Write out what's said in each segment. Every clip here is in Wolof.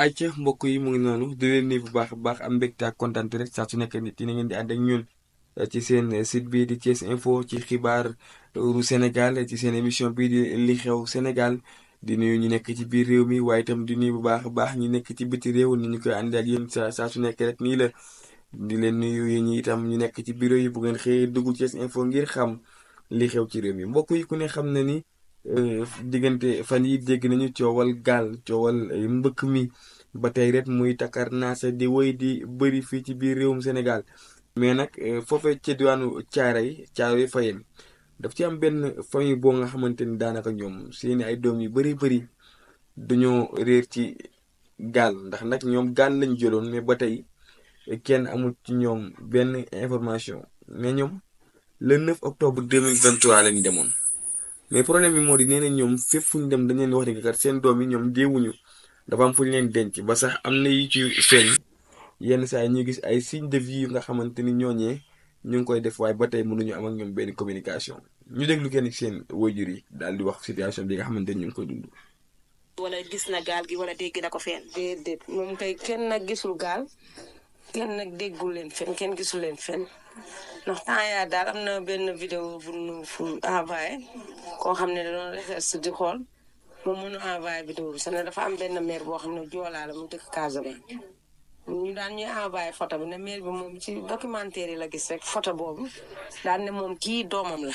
ayca mbokk yi mu ngi noonu di leen nii bu baax a baax am mbégte ak kontaan rek saa su nekk nit yi na ngeen di ànd ak ñun eh, ci seen eh, site bii di Thiès Info ci xibaar xibaaru Sénégal eh, ci seen émission bii di li xew Sénégal di nuyu ñu nekk ci biir réew mi waaye itam di nuyu bu baax a baax ñu nekk ci biti réew ni ñu koy ànd ak yéen saa saa su nekk rek nii la di leen nuyu yéen ñi itam ñu nekk ci bureau yi bu ngeen xëyee dugg Thiès Info ngir xam li xew ci réew mi mbokk yi ku ne xam Euh, diggante fan yi dégg nañu coowal gaal coowal eh, mbëkk mi ba tey ret muy takar naasa di woy di bëri fii ci biir réewum Sénégal mais nag eh, foofee ca diwaanu caara yi caaro yi fayeen daf ci am benn famille boo nga xamante ni daanaka ñoom seeni ay doom yu bëri bëri duñoo réer ci gaal ndax nag ñoom gaal lañ jëloon mais ba tey kenn amul ci ñoom benn information mais ñoom le 9 octobre 2023 lañ demoon mais problème bi moo di nee ñoom fépp fu ñu dem dañ leen wax ne kat seen doom yi ñoom deewuñu dafa am fu ñu leen denc ba sax am na yu ci feeñ yenn saa yi ñuy gis ay signe def vie nga xamante ni ñooñee ñu ngi koy def waaye ba tey mënuñu am ak ñoom benn communication ñu déglu kenn seen waajur yi daal di wax situation bi nga xamante ni ñu ngi koy dund. wala gis na gaal gi wala dégg na ko fenn. déedéet moom kay kenn gisul gaal. kenn nag déggul leen fenn kenn gisul leen fenn ndax temps yaa daal am na benn vidéo bu nu fu envoyé koo xam ne da doon recherche di xool moom mënu envoyé vidéo bi sax ne dafa am benn maire boo xam ne joolaa la mu dëkk Casamance ñu daal ñuy envoyé photo bi ne maire bi moom ci documentaire yi la gis rek photo boobu daan ne moom kii doomam la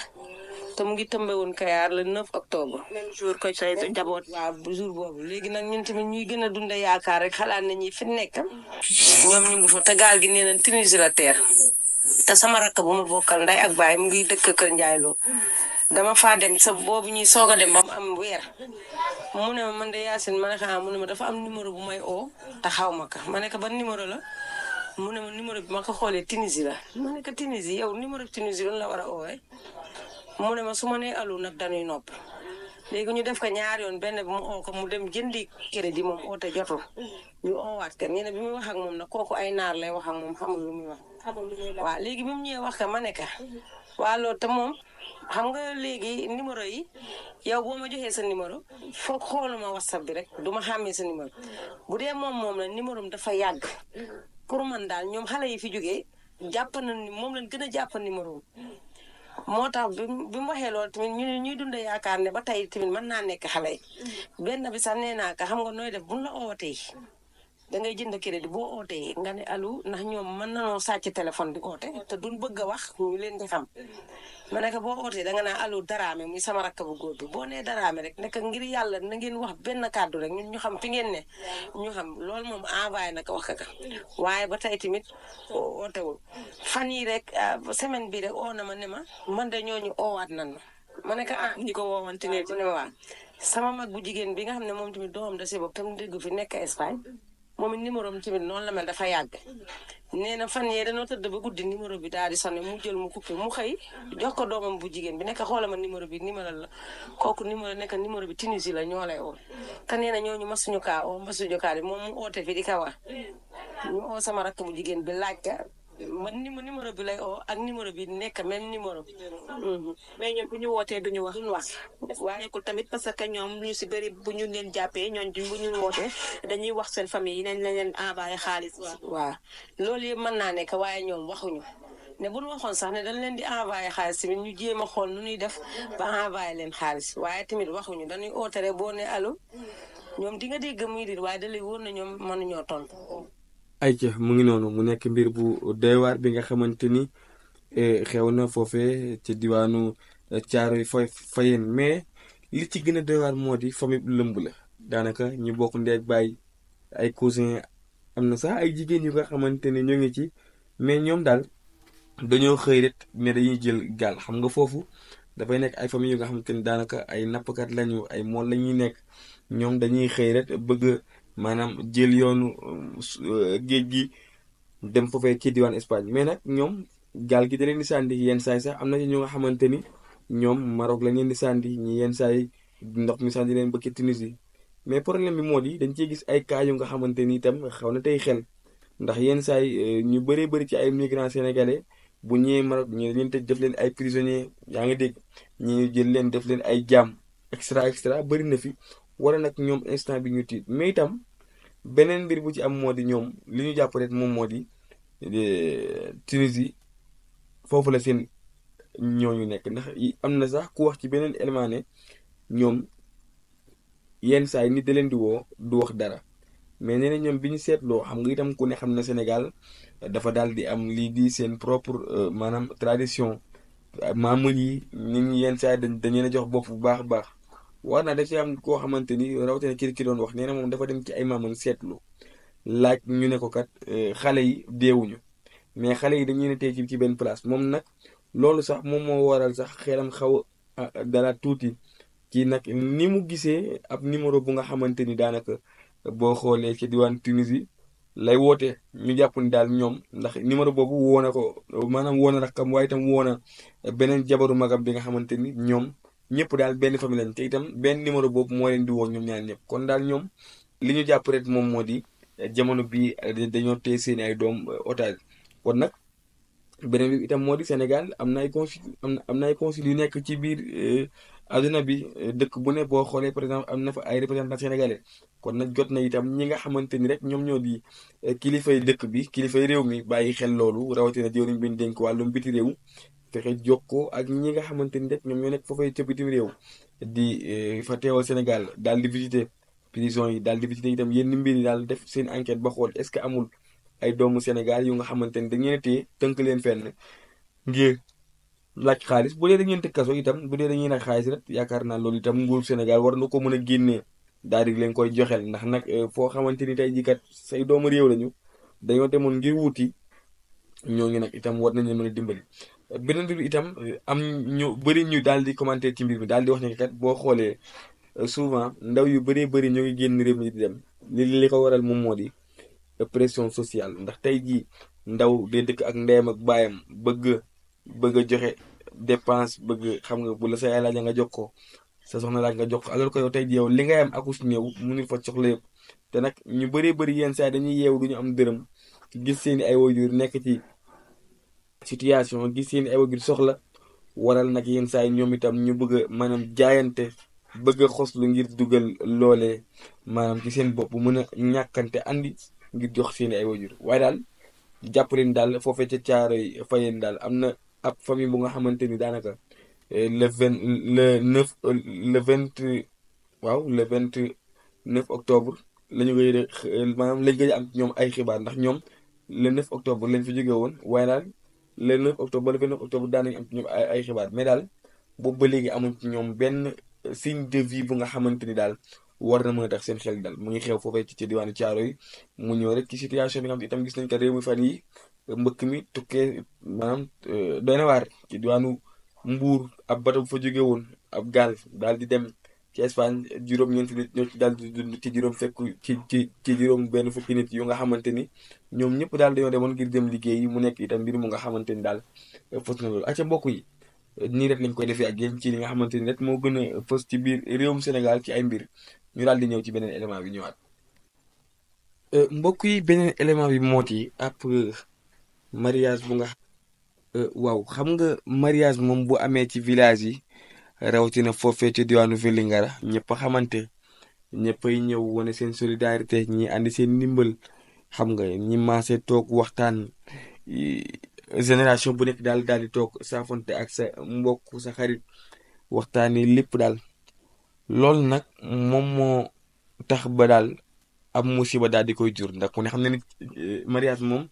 te mu ngi tëmbe woon kayaar le 9 octobre. même ko say njaboot. waaw jour boobu léegi nag ñun tamit ñuy gën a dundee yaakaar rek xalaat nañu fi nekk. ñoom ñu ngi fa te gaal gi nee nañ Tunisie la teer te sama rakk bu ma bokkal nday ak baay mu ngi dëkk Kër Ndiaye Lo dama faa dem sa boobu ñuy soog a dem ba mu am weer mu ne ma man de Yacine ma ne ko ah, mu dafa am numéro bu may oo te xaw ma ko ma ne ko ban numéro la mu ne ma numéro bi ma ko xoolee Tunisie la ma ne ko Tunisie yow numéro Tunisie lan la war a mu ne ma su ma nee alu nag dañuy nopp léegi ñu def ka ñaari yoon benn bi mu oo ko mu dem jëndi crédit moom oote jotul ñu oowaat ko ñu ne bi muy wax ak moom nag kooku ay naar lay wax ak moom xamul lu muy wax. waaw léegi bi mu wax ka ma ne ka waa loolu te moom xam nga léegi numéro yi yow boo ma joxee sa numéro foog xooluma whatsapp bi rek du ma xàmmee sa numéro bu dee moom moom la numéro am dafa yàgg pour man daal ñoom xale yi fi jógee jàpp na moom lañ gën a jàpp numéro moo tax bi bi mu waxee loolu tamit ñu ñuy dundee yaakaar ne ba tey tamit mën naa nekk xale yi mm. benn bi sax nee naa ko xam nga nooy def buñ la ootee da ngay jënd crédit boo ootee nga ne allo ndax ñoom mën nañoo sàcc téléphone di oote te duñ bëgg a wax ñu leen di xam ma ne boo ootee da nga naa allo daraame muy sama rakk bu góor bi boo nee daraame rek nekk ngir yàlla na ngeen wax benn kàddu rek ñun ñu xam fi ngeen ne ñu xam loolu moom envoyé na ko wax ka ba tey tamit ootewul fan yi rek ah, semaine bi rek oo na ma ne ma man de ñooñu oowaat nan ma ma ne ko ah ñu ko woowante ne ma waa sama mag bu jigéen bi nga xam ne moom tamit doom da si bopp tam dégg fi nekk Espagne moom it numéro am tamit la mel dafa yàgg. nee fan yee dañoo tëdd ba guddi numéro bi daal di sonné mu jël mu coupé mu xëy jox doomam bu jigéen bi nekk xoolal ma numéro bi numéro la kooku numéro nekk numéro bi Tunisie la ñoo lay ka te nee na ñooñu masuñu kaa oo masuñu kaa bi moom mu oote fi di ka wax ñu oo sama rakk bu jigéen bi laaj ka man numéro bi lay o ak numéro bi nekk même numéro bi. Mhm. mais ñoom bu ñu wootee duñu wax. duñu wax waaye nekkul tamit parce que ñoom ñu si bëri bu ñu leen jàppee ñoom bu ñu wootee dañuy wax seen famille yi nañ leen envoyé xaalis. waaw loolu yëpp mën naa nekk waaye ñoom waxuñu. ne bu ñu waxoon sax ne dañ leen di envoyé xaalis tamit ñu jéem a xool nu ñuy def envoyé leen xaalis waaye tamit waxuñu dañuy ootere boo alo mm. ñoom di nga dégg muy dir waaye da lay wóor na ñoom mënuñoo tontu. ay jëf mu ngi noonu mu nekk mbir bu doy bi nga xamante ni eh, xew na foofee ci diwaanu caaro eh, yi fay fayeen mais li ci gën a doy moo di famille lëmb la daanaka ñu bokk ndeeg bàyyi ay cousin am na sax ay jigéen yu nga xamante ne ñoo ngi ci mais ñoom daal dañoo xëy rek ne dañuy jël gaal xam nga foofu dafay nekk ay famille yu nga xamante ni daanaka ay nappkat lañu ay mool la ñuy nekk ñoom dañuy xëy bëgg maanaam jël yoonu euh, géej gi dem foofee ci diwaan Espagne mais nag ñoom gaal gi da leen di sànni yenn saay sax am na ñoo ñu nga xamante ni ñoom Maroc la leen di sànni ñi yenn saay ndox mi sànni leen bëkk Tunisie mais problème bi moo di dañ ciy gis ay cas yu nga xamante ni itam xaw na tey xel ndax yenn saay euh, ñu bëree bëri ci ay migrants sénégalais bu ñëwee Maroc ñu leen tëj def leen ay prisonniers yaa ngi dégg ñu jël leen def leen ay jaam extra extra bëri na fi wala nag ñoom instant bi ñu tiit mais itam beneen mbir bu ci am moo di ñoom li ñu jàpp rek moom moo di Tunisie foofu la seen ñooñu nekk ndax am na sax ku wax ci beneen élément ne ñoom yenn saa yi nit da leen di woo du wax dara mais nee na ñoom bi ñu seetloo xam nga itam ku ne xam na Sénégal dafa dal di am lii di seen propre euh, maanaam tradition maamul yi nit ñi yenn saa yi dañ dañ leen a jox bopp bu baax baax. war naa def ci am koo xamante ni rawatina kii ki doon wax nee na moom dafa dem ci ay maamam seetlu laaj ñu ne ko kat eh, xale yi deewuñu mais xale yi dañuy ne tey ci benn place moom nag loolu sax moom moo waral sax xelam xaw a tuuti kii nag ni mu gisee ab numéro bu nga xamante ni daanaka boo xoolee ci diwaan Tunisie lay woote ñu jàpp ni daal ñoom ndax numéro boobu woo ko maanaam woo na rakkam waaye itam woo na beneen jabaru magam bi nga xamante ni ñoom ñëpp daal benn famille lañ te itam benn numéro boobu moo leen di woo ñoom ñaar ñëpp kon daal ñoom li ñu jàpp rek moom moo di eh, jamono bii eh, dañoo téye seen ay doom eh, otage kon nag beneen bi itam moo di Sénégal am na ay consul am na ay consul yu nekk ci biir adduna bi dëkk bu nekk boo xoolee par exemple am na fa ay représentants sénégalais kon nag jot na itam ñi nga xamante ni rek ñoom ñoo di kilifay dëkk bi kilifay réew mi bàyyi xel loolu na jëwriñ bi ñu dénk wàllum biti réew fexe jokkoo ak ñi nga xamante ni rek ñoom ñoo nekk foofee ca bitim réew di eh, fa teewal Sénégal daal di visiter prison yi daal di visiter itam yenn mbir yi daal def seen enquête ba xool ce que amul ay yu nga xamante ni dañu leen téye tënk leen fenn ngir laaj xaalis bu dee dañu leen tëj itam bu dee dañuy nag xaalis rek yaakaar naa loolu itam nguur Sénégal war na ko mën a génnee daal di leen koy joxel ndax nag eh, foo xamante ni tey jii kat say doomu réew lañu dañoo demoon ngir ñoo ngi nag itam war nañu mën a dimbali. beneen bi itam am ñu bëri ñu daal di commenter ci bi mi daal di wax ne kat boo xoolee euh, souvent ndaw yu bëree bari ñu ngi génn réew mi di dem li li ko waral moom moo di euh, pression sociale ndax tey jii ndaw day dëkk ak ndeyam ak baayam bëgg bëgg joxe dépense bëgg xam nga bu la sa yaay laaj nga jox ko sa soxna laaj nga jox ko alors que yow tey ji yow li nga am akus néew mënul fa soxla yëpp te nag ñu bëree bari yenn saa dañuy yeewu du ñu am dërëm gis seeni ay waajur nekk ci. situation gi seen éwagir soxla waral nag yenn saa yi ñoom itam ñu bëgg a maanaam jaayante bëgg a lu ngir duggal loole maanaam ci seen bopp bu mën a ñàkkante andi ngir jox seen ay wajur waaye daal jàpp leen daal foofee ca caaro yi fa fayeen daal am na ab famille bu nga xamante ni daanaka eh, le vingt le vingt waaw le vingt neuf octobre lañu koy maanaam lañ koy am ñoom ay xibaar ndax ñoom le neuf octobre lañ fi jóge woon waaye daal. le 9 octobre ba le 29 octobre daan nañu am ci ñoom ay xibaar mais daal boobu ba léegi amuñ ci ñoom benn euh, signe de vie nga xamante ni daal war na mën a tax seen xel daal mu ngi xew foofee ci ci diwaanu Caaro yi mu ñëw rek ci situation bi nga xam ne gis nañ ko réew mi fan mbëkk mi tukkee maanaam euh, ci diwaanu Mbuur ab bato bu fa jóge woon ab gaal daal di dem. ci Espagne juróom-ñeenti nit ñoo ci daal dund ci juróom fekk ci ci ci juróom benn fukki nit yu nga xamante ni ñoom ñëpp daal dañoo demoon ngir dem liggéey yi mu nekk itam mbir mu nga xamante ni daal euh, fës na loolu. acca mbokku yi euh, nii rek lañ koy defee ak yéen ci li nga xamante ni rek moo gën a fës ci biir réewum Sénégal ci ay mbir ñu daal di ñëw ci beneen élément bi ñëwaat. Euh, mbokk yi beneen élément bi moo ci ab mariage bu nga. waaw xam nga mariage moom bu amee ci village yi. rawatina foofee ci diwaanu Vélingara ñëpp a xamante ñëppay ñëw wane seen solidarité ñi andi seen ndimbal xam nga ñi maase toog waxtaan génération bu nekk daal daal di toog saafonte ak sa mbokk sa xarit waxtaani lépp daal loolu nag moom moo tax ba daal ab musiba daal di koy jur ndax ku ne xam ne ni eh, mariage moom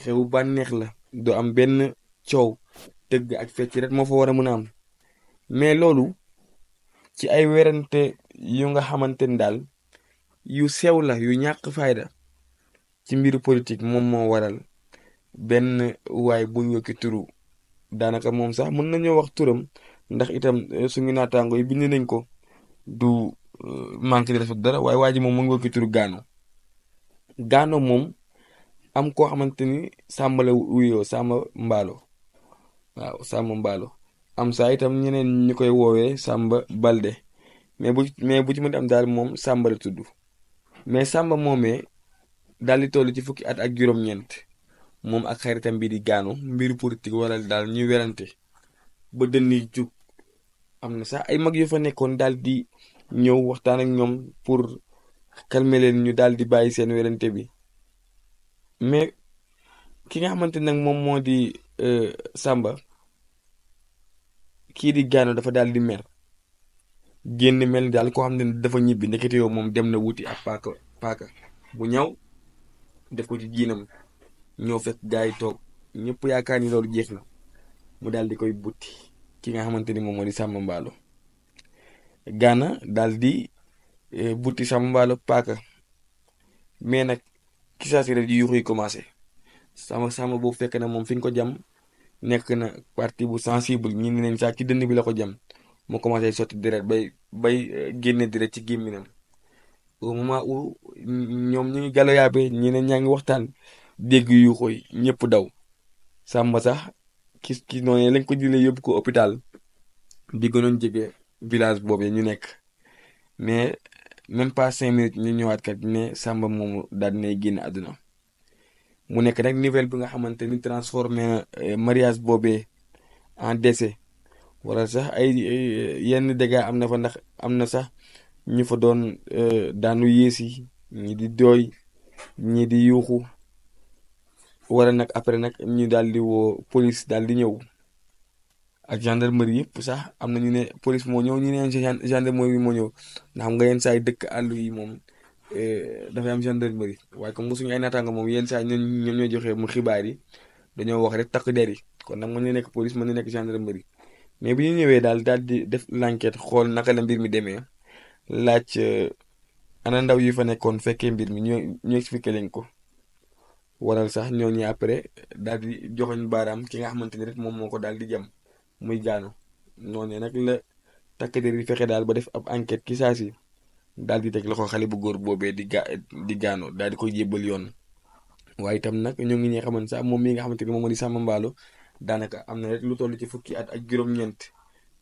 xewu bànneex la doo am benn coow tëgg ak fecc rek moo fa war a mën a am mais loolu ci ay werante yu nga xamante ni daal yu sew la yu ñàkk fayda ci mbiru politique moom moo waral benn waay bu ñu wëkki turu daanaka moom sax mën nañoo wax turam ndax itam eh, suñu naataango yi bind nañ ko du eh, manque de respect dara waaye waa ji moom mu ngi wëkki turu gaano gaano moom am koo xamante ni sàmbale wuyoo sàmba mbaalo waaw sàmba mbaalo am saa itam ñeneen ñu koy woowee Samba Balde mais bu mais bu ci mën am daal moom Samba la tudd mais Samba moomee daal di toll ci fukki at ak juróom-ñeent moom ak xaritam bi di gaanu mbiru politique wala daal ñu werante ba dënni jug am na sax ay mag yu fa nekkoon daal di ñëw waxtaan ak ñoom pour calmer leen ñu daal di bàyyi seen werante bi mais ki nga xamante nag moom moo di euh, sàmba kii di Gano dafa daal di mel génn mel ni daal koo xam ne dafa ñibbi ndekete yow moom dem na wuti ak paaka paaka bu ñaw def ko ci jiinam ñoo fekk gars yi toog ñëpp yaakaar ni loolu jeex na mu daal di koy butti ki nga xamante ni moom moo di Samba Mballo gaana daal di eh, butti Samba Mballo paaka mais nag ki saa si rek yuuxu yi commencé sama Samba boobu fekk na moom fi ñu ko jam nekk na parti bu sensible ñi ne nañ sax ci dënn bi la ko jëm mu commencé sotti deret bay bay euh, génne deret ci gémminam au moment où ñoom ñu ngi galoyaabe ñi ne ñaa ngi waxtaan dégg yu xoy ñëpp daw sàmba sax ki ki noonu lañ ko jëlee yóbbu ko hôpital bi gënoon jege village boobu ñu nekk mais même pas cinq minutes ñu ñëwaat kat ne sàmba moomu daal dinay génn àdduna mu nekk nag nouvelle bi nga xamante ni transformé eh, mariage boobee en décès wala sax ay yenn dégâts am na fa ndax am na sax ñu fa doon eh, daanu yéesi ñi di doy ñi di yuuxu wala nag après nag ñu daal di woo police daal di ñëw ak gendarmerie yëpp sax am na ñu ne police moo ñëw ñu ne gendarmerie moo ñëw ndaxam nga yenn sax ay dëkk àll yi moom. Eh, dafay am gendarmerie waaye comme mosuñu ay naataanga moom yenn saa ñoom ñoom ñoo joxee mu xibaar yi dañoo wax rek takk der yi kon nag mën na nekk police mën na nekk gendarmerie mais bu ñu ñëwee daal daal di def l'enquête xool naka la mbir mi demee laaj eh, ana ndaw yi fa nekkoon fekkee mbir mi ñoo ñu expliqué leen ko waral sax ñooñu après dal di joxoñ baaraam ki nga xamante ni rek moom moo ko daal di jam muy gaano noonu nag la takk der yi fexe daal ba def ab enquête ki saa daal di teg loxo xale bu góor boobee di di gaano daal di koy jébbal yoon waaye itam nag ñoo ngi ñi nga xamante sax moom mii nga xamante ni moom moo di Samba Mballo daanaka am na lu toll ci fukki at ak juróom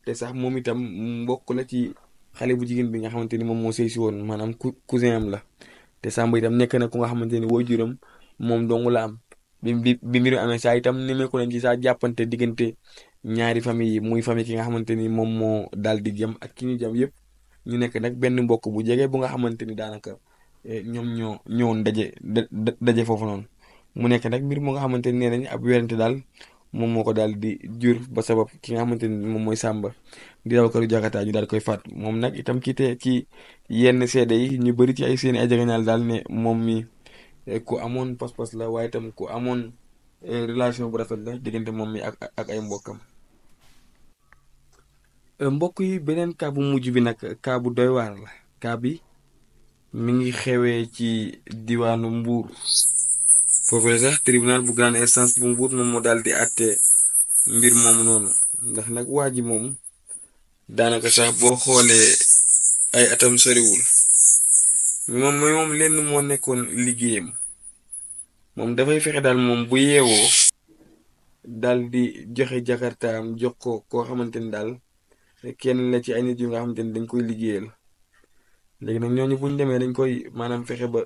te sax moom itam mbokk la ci xale bu jigéen bi nga xamante ni moom moo sëy woon maanaam cousin am la te Samba itam nekk na ku nga xamante ni waajuram moom dong la am bi bi bi mbiru amee saa itam nemmeeku nañ ci saa jàppante diggante ñaari famille yi muy famille ki nga xamante ni moom moo daal di jëm ak ki ñu jëm yëpp. ñu nekk nag benn mbokk bu jegee bu nga xamante ni daanaka eh, ñoom ñoo ñëwoon daje daje foofu noonu mu nekk nag mbir mu nga xamante ni nee nañ ab werante daal moom moo ko daal di jur ba sabab ki nga xamante ni moom mooy Samba di daw këru Jakarta ñu daal koy faat moom nag itam ci te ci yenn seede yi ñu bëri ci ay seen ay jegeñaal daal ne moom mi eh, ku amoon pas-pas la waaye itam ku amoon eh, relation bu rafet la diggante moom mi ak ak ay mbokkam. Euh, mbokk yi beneen cas bu mujj bi nag cas bu doy waar la cas bi mi ngi xewee ci diwaanu Mbour foofule sax tribunal bu grande instance bu Mbour moom moo daal di àtte mbir moomu noonu ndax nag waa ji moom daanaka sax boo xoolee ay atam soriwul moom moo nekkoon liggéeyam moom dafay fexe daal moom bu yeewoo dal di joxe jakartaam jox ko koo xamante ni daal kenn la ci ay nit yu nga xamante ni dañ koy liggéeyal léegi nag ñooñu bu ñu demee dañ koy maanaam fexe ba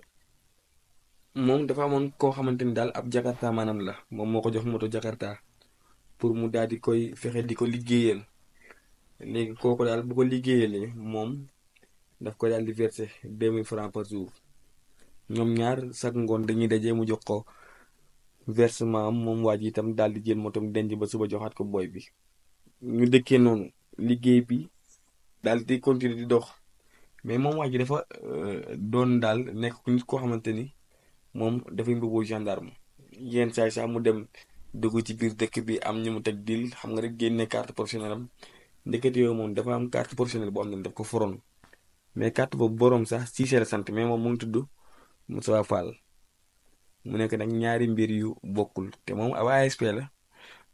moom dafa amoon koo xamante ni daal ab jakarta maanaam la moom moo ko jox moto jakarta pour mu daal di koy fexe di ko liggéeyal léegi kooku daal bu ko liggéeyalee moom daf ko daal di verser deux mille francs par ñoom ñaar chaque ngoon dañuy dajee mu jox ko versement am moom waa ji itam daal di jël motoom denc ba suba joxaat ko booy bi ñu dëkkee noonu. liggéey bi daal di continuer di dox mais moom waa ji dafa euh, doon daal nekk nit koo xamante ni moom dafay mbëboo gendarme yenn saay sax mu dem dugg ci biir dëkk bi am ñu mu teg dil xam nga rek génne carte professionnelle am ndekete yooyu moom dafa am carte professionnelle boo xam ne daf ko foroon mais carte boobu boroom sax si la sant mais moom mu ngi tudd Moussa Fall mu nekk nag ñaari mbir yu bokkul te moom ab ASP la.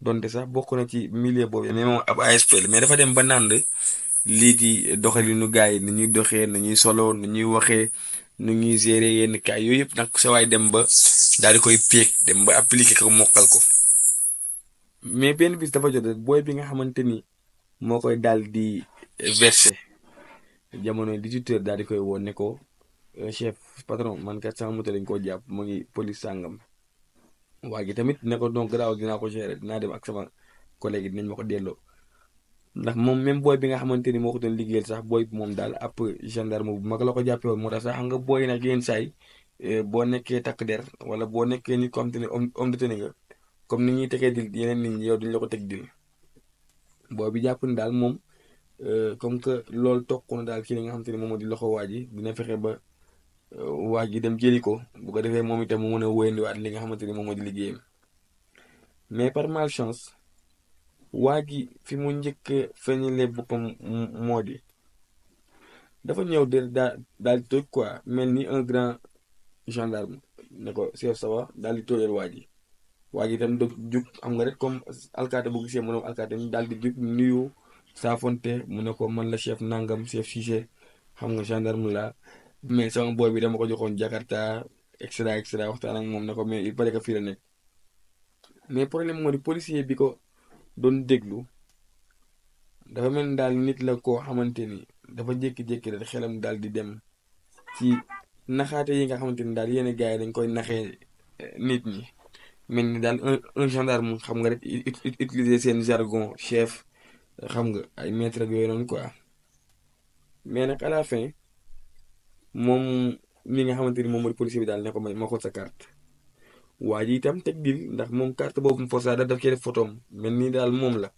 donte sax bokk na ci millier boobu mais moom ab ASP la mais dafa dem ba nànd lii di doxalinu gars yi ni ñuy doxee na ñuy solo na ñuy waxee nu ñuy gérer yenn kaay yooyu yëpp nag sa waay dem ba daal di koy peeg dem ba appliquer ko mokkal ko mais benn bis dafa jot booy bi nga xamante ni moo koy daal di verser jamonoy dix-huit daal di koy woon ne ko euh, chef patron man kat sama moto lañ koo jàpp mu ngi police sàngam. waa ji tamit ne ko donc garaaw dinaa ko gérer dinaa dem ak sama collègue yi ñu ma ko delloo ndax moom même booy bi nga xamante ni moo ko doon liggéeyal sax booy bi moom daal ab gendarme bu mag la ko jàppee woon sax xam nga booy nag yenn saa yi eh, boo nekkee takk der wala boo nekkee nit ko xamante ne comme ni ñuy tegee dil yeneen nit ñi yow duñ la ko teg dil booy bi jàpp daal moom eh, comme que loolu toq na daal ci li nga xamante ni moom moo di loxo waa ji dina fexe ba. waa ji dem jëli ko bu ko defee moom itam mu mën a wéyandiwaat li nga xamante ni moom moo di liggéeyam mais par malchance waa ji fi mu njëkk a feeñalee boppam moo di dafa ñëw de daal daal di toj quoi mel ni un grand gendarme ne ko chef ça va daal di tóojal waa ji waa ji itam doog jug xam nga rek comme alkaate bu gisee mënoo alkaate mi daal nuyu saafonte mu ne ko man la chef nangam chef Cissé xam nga gendarme la mais sama boy bi dama ko joxoon Jakarta et cetera et cetera waxtaan ak moom ne ko mais il paraît que fii la nekk mais problème moo di policier bi ko doon déglu dafa mel ni daal nit la koo xamante ni dafa jékki-jékki rek xelam daal di dem ci naxaate yi nga xamante ni daal yenn gars yi dañ koy naxee eh, nit ñi. mel ni daal un un gendarme xam nga rek utiliser seen jargon chef xam nga ay maître ak yooyu noonu quoi mais nag à moom mi nga xamante ni moom mooy policier bi daal ne ko may ma xool sa carte waa ji itam teg dil ndax moom carte boobu mu forcé daal daf cee def photo am daal moom la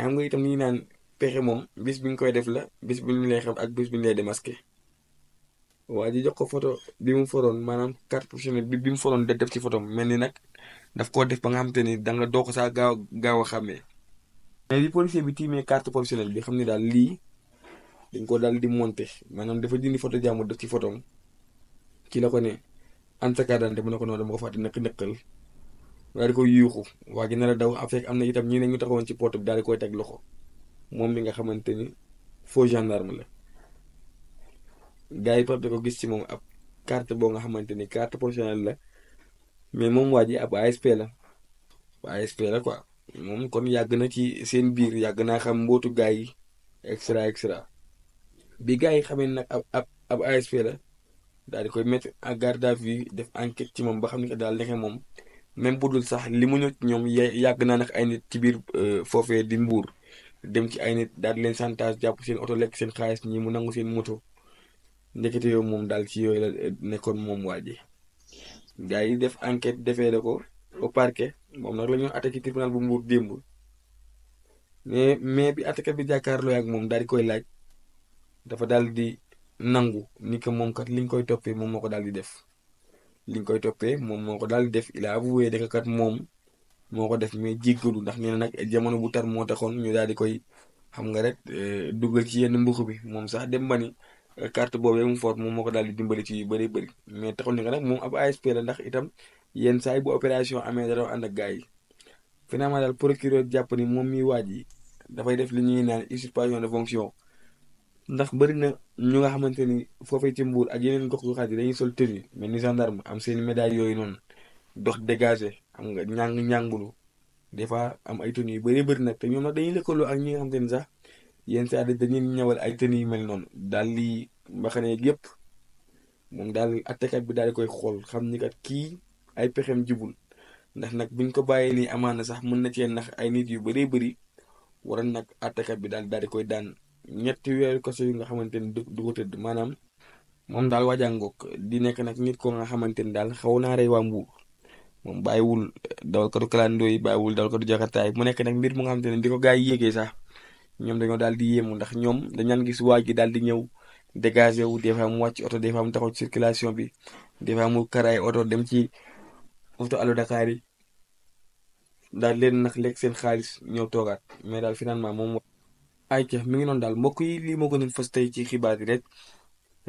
xam itam ni naan pexe moom bis bi nga koy def la bis bi ñu lay xam ak bis bi ñu lay waa ji jox ko photo bi mu foroon maanaam carte professionnelle bi bi mu foroon da def ci photo mel ni nag daf ko def ba nga xamante ni da doo ko saa gaaw gaaw a xàmmee mais bi policier bi tiimee carte professionnelle bi xam ni daal lii dañ ko daal di monter maanaam dafa dindi photo jàmbur def ci photo am ci la ko ne an sa carte mu ne ko noonu dama ko fàtte nëkk nëkkal daal di koy yuuxu waa gi nar a daw ah, en am na itam ñi ne ñu taxawoon ci porte bi daal di koy teg loxo moom bi nga xamante ni faux gendarme la gars yi pare ko gis ci moom ab carte boo nga xamante ni carte professionnelle la mais moom waa ji ab ASP la ASP la quoi moom kon yàgg na ci seen biir yàgg naa xam mbootu gars yi extra extra bi gars yi xamee nag ab ab ab ASP la daal di koy mettre en garde à vue def enquête ci moom ba xam ne daal nekkee moom même bu dul sax li mu ñëw ñoom yàgg naa nag ay nit ci biir euh, foofee di mbuur dem ci ay nit daal di leen chantage jàpp seen oto lekk seen xaalis ñi mu nangu seen moto ndekete yow moom daal ci yooyu la euh, nekkoon moom waa ji gars yi def enquete defee la ko au parquet moom nag la ñu attaqué tribunal bu mbuur démb mais mais bi attaqué bi jàkkaarloo ak moom daal di koy laaj. dafa dal di nangu ni que moom kat liñ koy toppee moom moo ko daal di def liñ koy toppee moom moo ko daal di def il a avoué ne moom moo ko def mais jéggalu ndax nee na nag jamono bu tar moo taxoon ñu daal di koy xam nga rek euh, duggal ci yenn mbux bi moom sax dem ba ni euh, carte boobee mu fort moom moo ko daal di dimbali ci yu bëri bëri mais taxul ni nga nag moom ab ASP la ndax itam yenn saa yi opération amee dara ànd gars yi finalement daal procureur jàpp ni moom miy waaj yi dafay def li ñuy naan usurpation de fonction. ndax bëri na ñu nga xamante ni foofee ci mbuur ak yeneen gox goxaat yi dañuy sol tenue mel ni gendarme am seen médaille yooyu noonu dox dégagé am nga ñàng ñàngulu des fois am ay tenues yu bëree bëri nag te ñoom nag dañuy lëkkaloo ak ñi nga xam ni sax yenn saa dañuy ñëwal ay tenues yu mel noonu daal lii mbaxane yépp moom daal attekat bi daal di koy xool xam ni kat kii ay pexem jubul ndax nag buñ ko bàyyee nii amaana sax mën na cee nax ay nit yu bëree bëri waroon nag attekat bi daal daal di koy daan. ñetti weeru kaso yu nga xamante ni du ko tëdd maanaam moom daal waajangook di nekk nag nit ko nga xamante ni daal xaw naa rey waa Mbuur moom bàyyiwul dawal katu kalandoo yi bàyyiwul dawal katu jakartaay mu nekk nag mbir mu nga xamante ne di ko gaa yi yéegee sax ñoom dañoo daal di yéemu ndax ñoom dañ naan gis waa ji daal di ñëw dégagé wu des mu wàcc oto des fois mu taxaw ci circulation bi des fois karaay oto dem ci oto alu Dakar yi daal leen nag lekk seen xaalis ñëw toogaat mais daal finalement ayca mi ngi noonu daal mbokk yi lii moo gënoon fës tey ci xibaar yi rek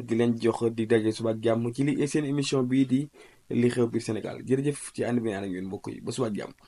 di leen jox di daje suba ak jàmm ci li seen émission bii di li xew biir Sénégal jërëjëf ci ànd bi ànd ak yéen mbokk yi ba suba ak jàmm.